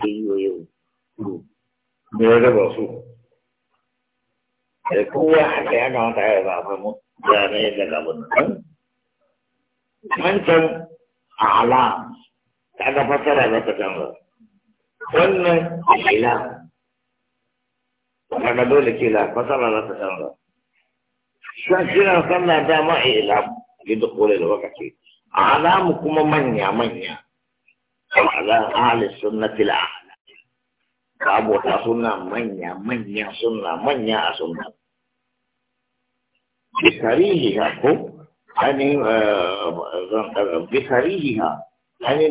da yi wa yau me ya raba su da eh, kowa haka ya kamata ya zafa mu da yadda gaban nan wancan ala ta ga fasara za ta canza wannan ila kaga dole kila fasara za ta canza shan kiran sallah dama ila bi da kore da wakati alamu kuma manya manya mazan ahalin sunnatil ala ka abota suna manya manya suna manya a suna bisarihiha ko hannun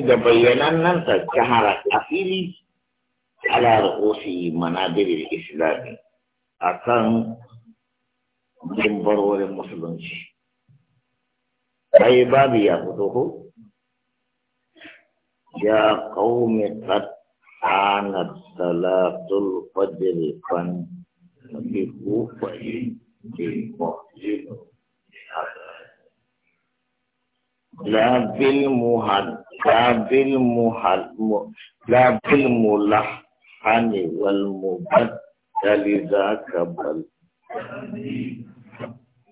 da bayyanan nan ta kyanara ta fili ala da ƙofi manadirin islami a kan jimbarorin musulunci ayi babu ya fito ko يا قوم قد كانت صلاة الفجر فانتبهوا فينتبهوا لا بالمهد لا بالمهد لا بالملحن والمبدل ذاك بل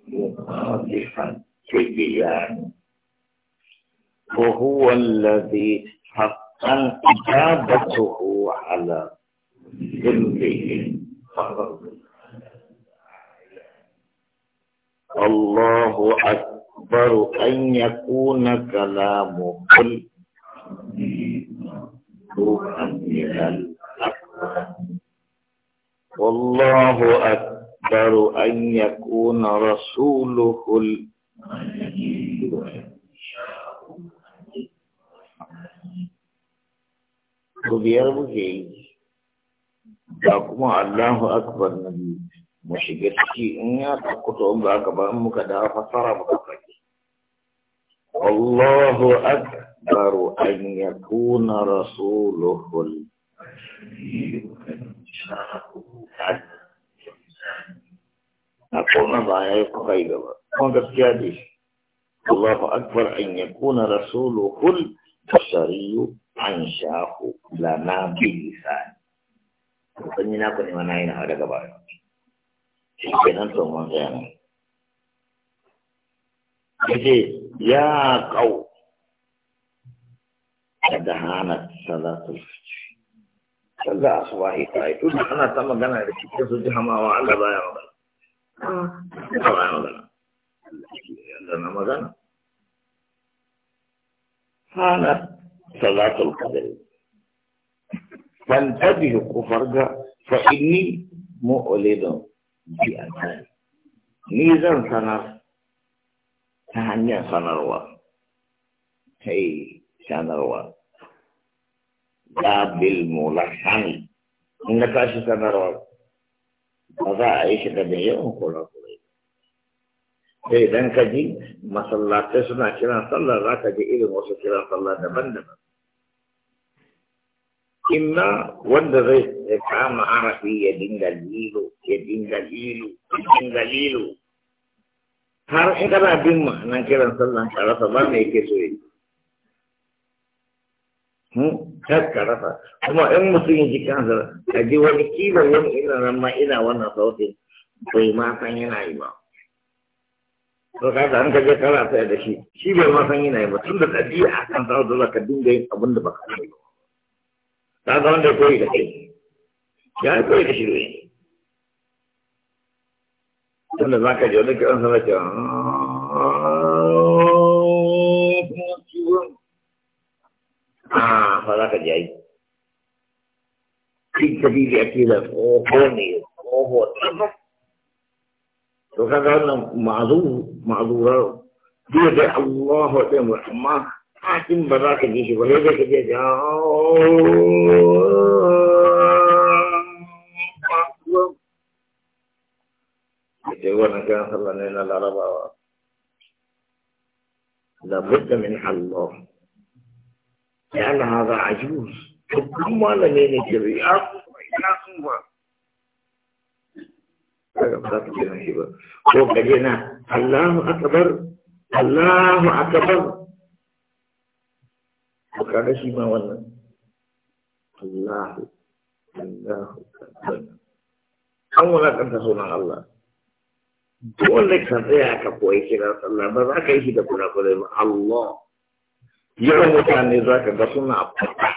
مخالفا تبيان وهو الذي حقا إجابته على ذنبه فغضب الله أكبر أن يكون كلام كل روحا إلى الأكبر والله أكبر أن يكون رسوله الأكبر to biyar muke yi ga kuma Allahu akbar na biyu mu shiga ciki in ya takuto in ba ka ba in muka da fasara muka saki Allahu akbar an yakuna rasuluhu a kona ba ya yi kuka yi gaba kuma gaskiya ne Allahu akbar an yakuna rasuluhu tasariyu anshahu lana bilisani kusan yi naku ne mana yana daga ba shi ke nan to mun daga hana salatu sallah asuwa yi ta yi ana ta magana da shi ke sun na magana ah. حانت صلاة القدر فانتبه فرجا فإني مؤلد بأذان ميزان سنر تهنيا سنروا هي سنروا لا بالملحن إنك أشي سنروا ba za a yi shi sai eh, dan ka ji masallatai suna kiran sallah za ka ji irin wasu kiran sallah daban-daban inna wanda zai kama harafi ya dinga lilo ya dinga lilo ya dinga lilo har in kana bin ma'anan kiran sallan ka rasa ba me yake so yi hmm? kar ka rasa kuma in mutum ya ji kansa ka ji wani kilo wani irin ran ma ina wannan sautin bai ma san yana yi ba to ka ga an ka je kana tsaya da shi shi bai ma san yana yi ba tun da ɗabi'a a kan zawo dole ka dinga yin abin da baka sani ba ka ga wanda koyi da kai ya yi koyi da shi ne tunda za ka je wani kiran sana ce ah, ah, a fa za ka je yi kai kabi da a da ko ne tsoho tsoho وكان معذور معذورة بيد الله وبيد الرحمن حاكم براك الجيش وهيك كده آه. يا جوانا كان صلى لنا العرب لابد من حل الله لأن هذا عجوز كل ما لم ينكر يا الله ba ka kira shi ba Allahu akbar Allahu akbar wannan Allahu Allahu akbar an wala kan ta sunan Allah dole ka tsaya ka koyi kira sallah ba za ka yi shi da kurakurai ba Allah yawan mutane za ka ga suna fata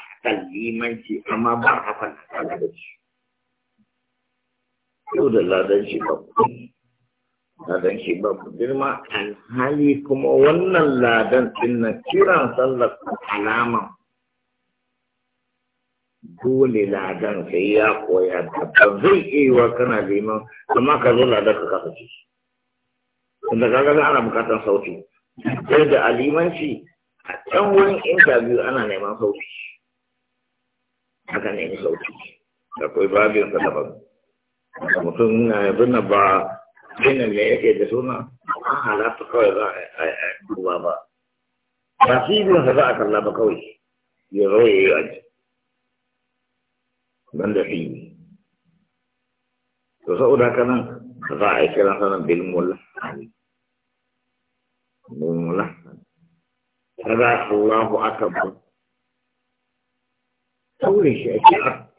limanci amma ba a fata da yau da ladan shi babu ladan shi babu girma alhali kuma wannan ladan din kiran sallar alama dole ladan sai ya koya da zai iya wa kana neman amma ka zo ladan ka kasa ci tunda kaga ana bukatar sauti sai da alimanci a can wurin interview ana neman sauti aka nemi sauti akwai babin sa daban mutum na yanzu na ba gina ne yake da suna an halatta kawai za a duba ba ba shi ibinsa za a kalla ba kawai ya zo ya yi aji ban da fi to saboda haka nan za a yi kiran sanar bilmul bilmul kaza Allahu akbar saboda shi ake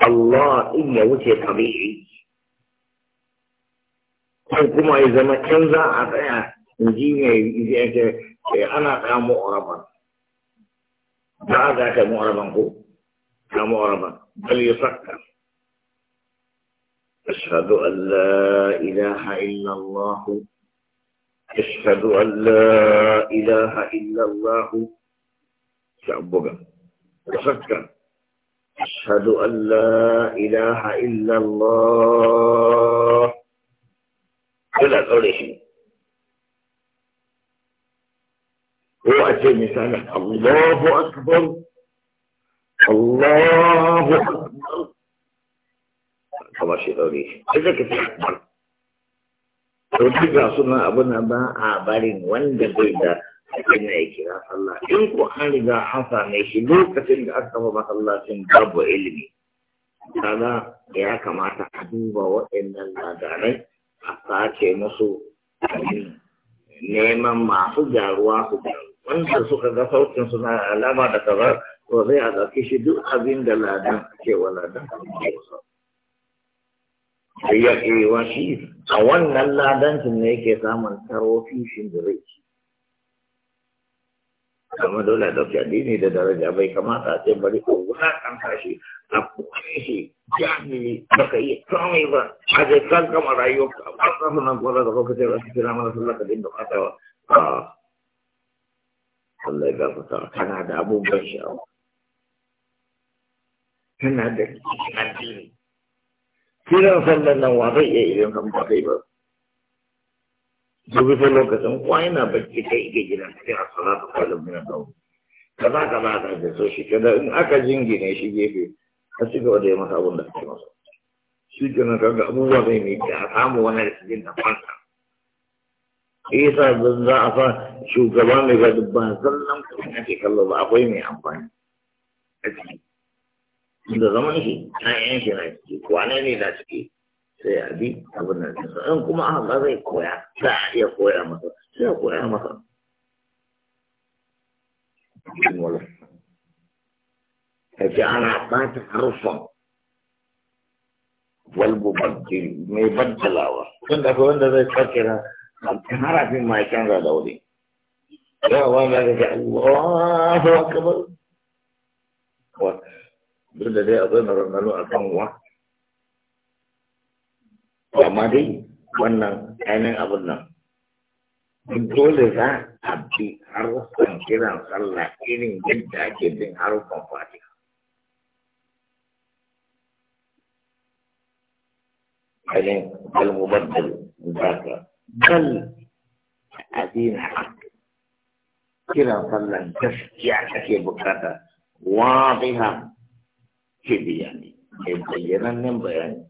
Allah in ya wuce tabi'i ko kuma ya zama can za a tsaya inji ne ce ana tsaya mu'araban ba a za ta mu'araban ko ta mu'araban bal ya sakka أشهد أن لا إله إلا الله أشهد أن لا إله إلا الله شعبك وسكر أشهد أن لا إله إلا الله ولا قوله هو أتي مثال الله أكبر الله أكبر كما شيء قوله إذا كتير أكبر Rubuta suna abin ba a barin wanda bai da hakan ya kira sallah in ku an riga an same shi lokacin da aka kafa masallacin babu ilimi kaga ya kamata a duba waɗannan labarai a sace musu neman masu gyaruwa su wanda suka ga sautin suna alama da kaza to zai a zaki shi duk abin da ladan wa ladan ya ya wa shi a wannan ladancin ne yake samun taro fifin da zai ci amma dole a ɗauki addini da daraja bai kamata a ce bari ko wulaƙanta shi a kone shi jahili baka iya komai ba a zai kan kama rayuwarka a ɓarɓar sunan kwallon da kuka ce ba su kira mana sallah ka dinga fatawa a Allah ya gafarta kana da abubuwan sha'awa kana da addini kiran sallan nan wa zai iya idan kan ba kai ba Dubi sai lokacin kuwa yana bacci kai iya gidan sai a salatu kwallon mina dawo kaza kaza ka ka so shi kada in aka jingine shi gefe a ci gaba da yi masa abin da ake masa shi kenan kaga abubuwa zai mai ke a samu wani rikicin da fanta isa zan za a fa shugaba mai gadi ba zallan kuɗin ake kallo ba akwai mai amfani a ciki da zaman shi na yan shi na ciki kwanani ne na ciki sai a bi abin nan ɗinsa in kuma haka zai koya za a iya koya masa sai a koya masa kace ana ɓata harfan walmubaddil mai baddalawa tun da wanda zai tsakira harafin ma ya canza da wuri yawa za ka ce Allahu akbar duk da dai akwai maganganu a kan wa amma dai wannan ainihin abin nan dole za a bi harufan kiran sallah irin yadda ake bin harufan fatiha ainihin al-mubaddal zaka bal a haq kiran sallah gaskiya ake bukata wadiha ke bayani mai bayyanannen bayani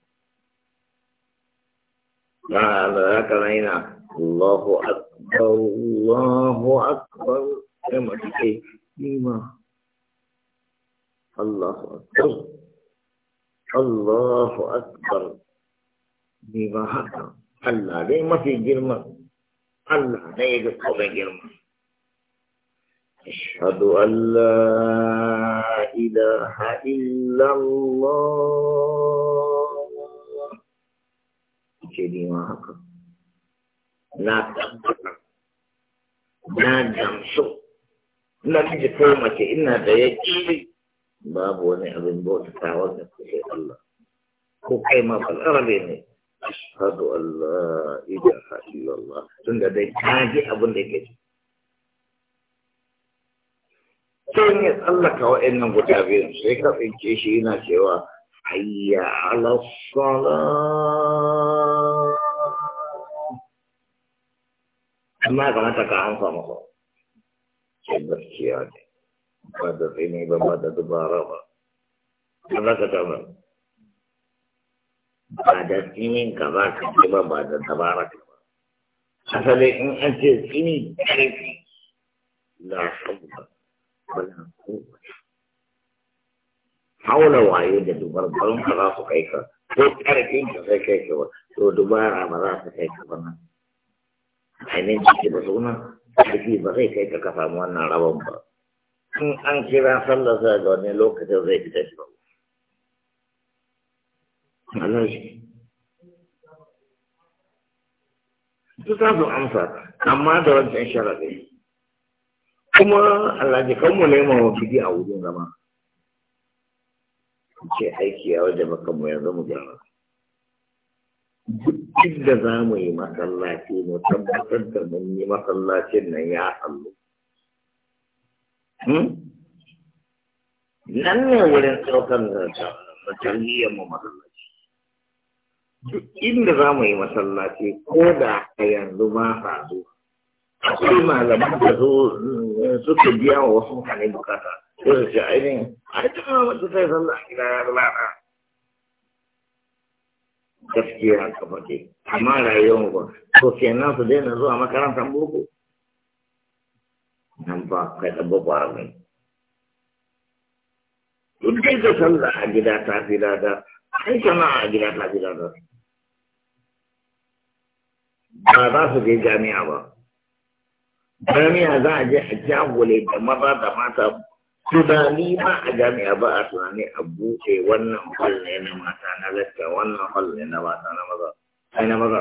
قال كمينا الله أكبر الله أكبر كما إيه تكي إيه الله أكبر الله أكبر لما إيه هذا الله دي ما في جرمة الله دي في بجرمة أشهد أن لا إله إلا الله kasance nema haka na tabbata na gamsu na miji mace ina da yaƙini babu wani abin bauta wanda ku Allah ko kai ma balarabe ne Allah an la Allah. Tun tunda dai ka ji abin da ke ci sai ne tsallaka nan guda biyun sai ka tsince shi yana cewa hayya ala amma kamata ka hanfa masa ce gaskiya ne ba da tsini ba ba da dubara ba Allah ka ba da tsinin ka ba ka ce ba ba da dabara ka ba asali in an ce tsini ƙarfi la sabba wala quwwa haula waye da dubar barun ka za su kai ka ko ƙarfin ka sai kai ka ba to dubara ba za su kai ka ba nan ainihin ciki ba suna ciki ba zai kai ka kasa, wannan rabon ba in an kira sallar sa ga wani lokacin zai fita shi ba Allah shi su ta su amsa amma da wancan sharaɗi kuma alhajikanmu ne ma mafidi a wurin zama ce aiki ya wajen bakanmu yanzu mu gyara duk inda za mu yi masallaci mu tabbatar da mun yi masallacin nan ya hallu hmm? nan ne wurin ɗaukar da tarbiyyar mu masallaci duk inda za mu yi masallaci ko da a yanzu ba sa zo akwai malaman da zo suka biya wa wasu mutane bukata sai su ce ainihin a ita ma mutu sai sallah a gida ya lalata gaskiya ka faɗi amma rayuwar ba to kenan su daina zuwa makarantar boko nan ba kai da boko mai duk dai da sallah a gida ta fi lada ai sana'a a gida ta fi lada ba za su je jami'a ba jami'a za a je a jagole da maza da mata tunani ba a jami'a ba a tunani a buɗe wannan hall ne na mata na lakka wannan hall ne na mata na maza ai na maza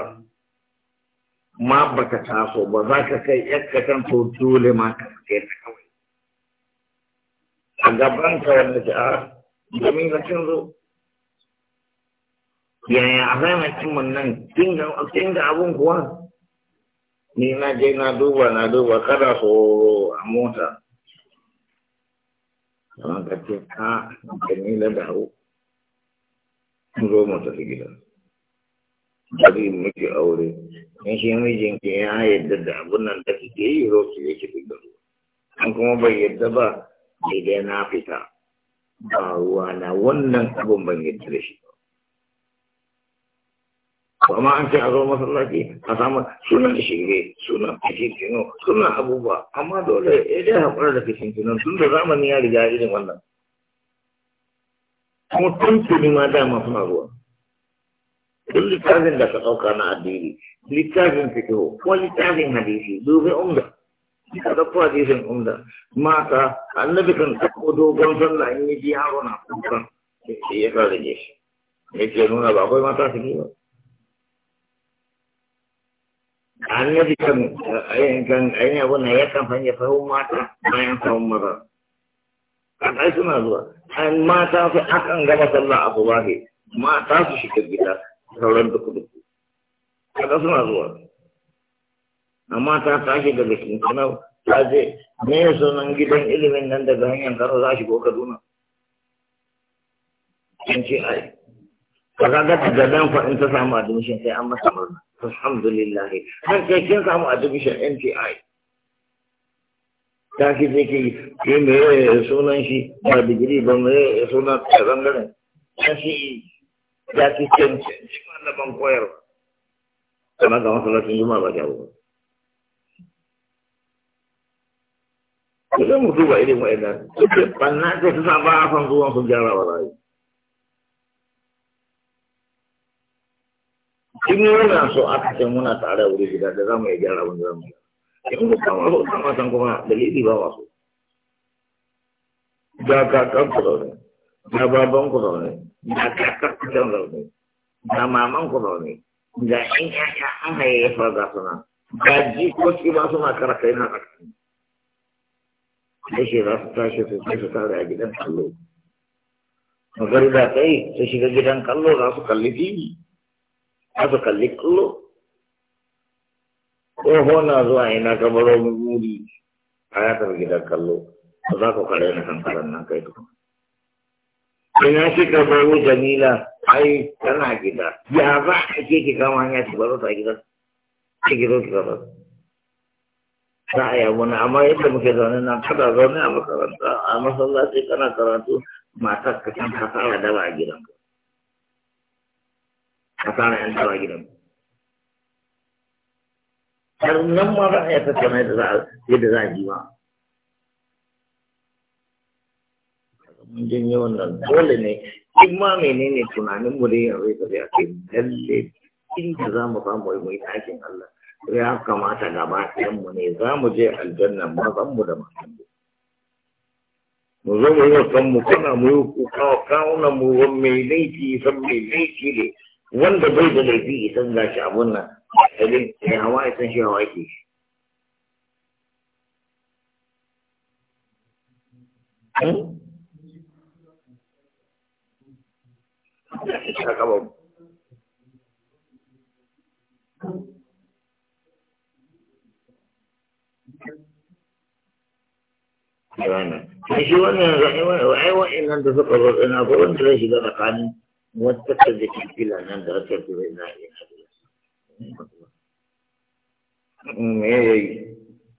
ma baka taso ba za ka kai yakka kan to dole ma ka kai ta kawai a gaban ka wanda ta a ah, ka kan zo yaya a zama cimin wannan kin ga abun kuwa ni na je na duba na duba kada so a mota amma ka ce ni na dawo zo mu gida bari muke aure in shi ya yadda da abun nan da kike yi zo ki yake fita an kuma bai yadda ba daidai na fita ba ruwa na wannan abun ban yadda da shi ba amma an ce a zo masallaci a samu sunan shige sunan fitintino sunan abubuwa amma dole ya dai haƙura da fitintino tun da zamani ya riga irin wannan kuma tuntuni ma dama suna zuwa duk littafin da ka ɗauka na addini littafin fito ko littafin hadisi dubi umda ka ɗauko hadisin umda mata annabi kan ɗauko dogon sallah in yi jiya ko na kuka ya kare shi ce nuna ba akwai mata su ba an yi eh, kan ayyukan ayyukan abin da ya kan ya sahun mata bayan sahun maza kaɗai suna zuwa an mata su akan gama sallah a subahi mata su shiga gida sauran duk duk kaɗai suna zuwa amma ta tashi daga kinkanau ta je me ya sunan gidan ilimin nan daga hanyar karo za shi ko kaduna an ce ai ba ka ga gadan fa in ta samu admission sai an masa murna alhamdulillah kan kai kin samu admission NTI ta ki je ki ke me sunan shi ba digiri ba me sunan bangaren ta shi ya ki kin shi wanda ban koyar kamar ga masallacin juma'a ba jawo ba idan mu duba irin wa'annan duk da banna ta sa ba a san zuwan sun gyara wa rayu in yana so aka ce muna tare wuri guda da za mu iya gyara wani zamu in ku kama so kama san kuma dalili ba wasu ga kakan ku zaune ga baban ku zaune ga kakan ku zaune ga maman ku zaune ga ƴan ƴaƴa an hayayyafa ga suna ga jikoki ba suna kara na tsakani sai za su tashi su sai su tare a gidan kallo Magari magariba kai su shiga gidan kallo za su kalli fili za kalli kallo ko na zuwa ina kamaro muri a ya tafi gidan kallo ba za ku kare na kankaran nan kai tukun ina shi ka baro jamila ai kana gida ya za a ke ki kama hanya ki baro ta gidan ki gido ki gaba za a yabo na amma yadda muke zaune nan kada zaune a makaranta a masallaci kana karatu matar ka kan ka fara daba a gidanka a yan dawa gidan har nan ma za a yi tattauna yadda za a ji ma mun janye wannan dole ne in ma menene tunanin mu dai yanzu ka ya ce lalle inda za mu samu mu yi takin Allah ya kamata gaba ɗayan mu ne za mu je aljanna mazan mu da matan mu mu zo mu yi wa kanmu kana mu yi kuka kawunan mu wani mai laifi san laifi ne wanda bai da laifi isan shi abun nan idan ya hawa isan shi hawa ke shi hmm? Shi wannan, shi wannan ra'ayi wa'ai wa'in nan da suka zo tsina, ko wanda zai shiga tsakanin wata ta jikin fila nan da rasar da na iya me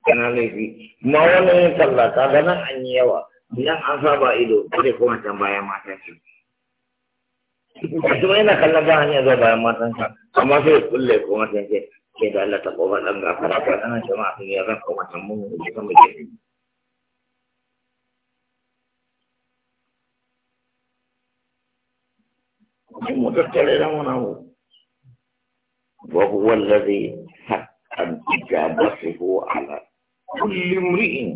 kana laifi ma wani yin sallah ka ga nan an yi yawa idan an saba ido kare kuma can bayan matan shi kuma yana kallon ba hanya zuwa bayan matan sa amma sai kulle kuma ke da Allah ta gafara ka jama'a sun yi ran kuma can mun yi kuma ke ni mu tattare da wani abu ba huwa lade ba su ko ala kulli mri'in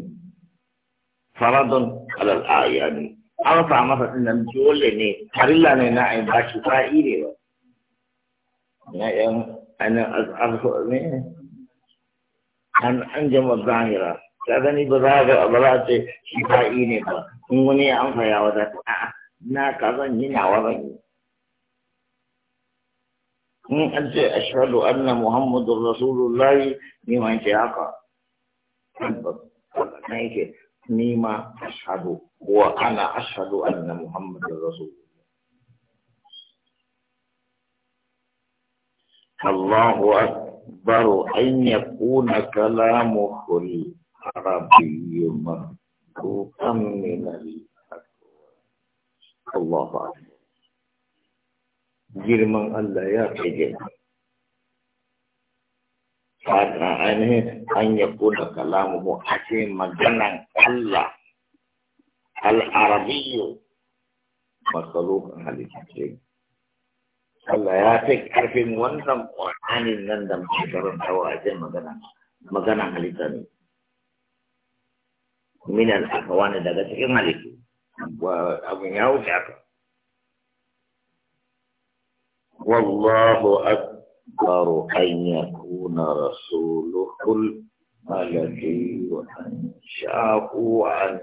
faradun alal ayani an sa masa din nan dole ne harilla ne na ai ba shi fa'i ne ba na yan ana ne an an jama zahira ta gani ba za ga ce shi fa'i ne ba in wani ya amfaya wa za ta na ka zan nawa zan yi من أشهد أن محمد رسول الله نيما أنت أقا نيك نيما أشهد وأنا أشهد أن محمد رسول الله الله أكبر أن يكون كلامه العربي مرفوعا من الله أكبر girman Allah ya kai girma fata ainihin an ya kuna kalamuhu a ce maganan Allah al'arabiyyo masalukan halittu ce Allah ya fi ƙarfin wannan ƙwananin nan da muke karanta a jin magana maganan halitta ne minan aka wani daga cikin halittu abin ya wuce aka والله أكبر أن يكون رسوله الملكي شاءه عن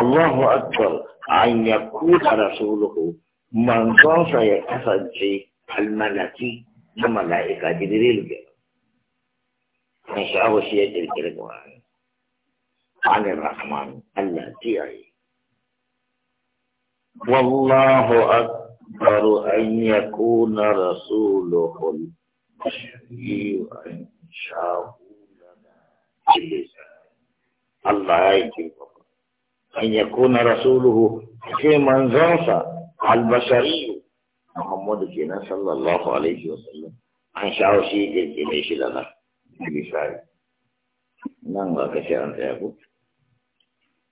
الله أكبر أن يكون رسوله من ظن يتفن في الملكي الملائكة جبريل الله شيء جبريل عن الرحمن الله تيعي والله أكبر أن يكون رسوله الشفيع أن شاءه لنا الله يجيب أن يكون رسوله في منزلة البشري محمد كنا صلى الله عليه وسلم أن شاءه شيء لنا بلسان نعم وكثيرا يقول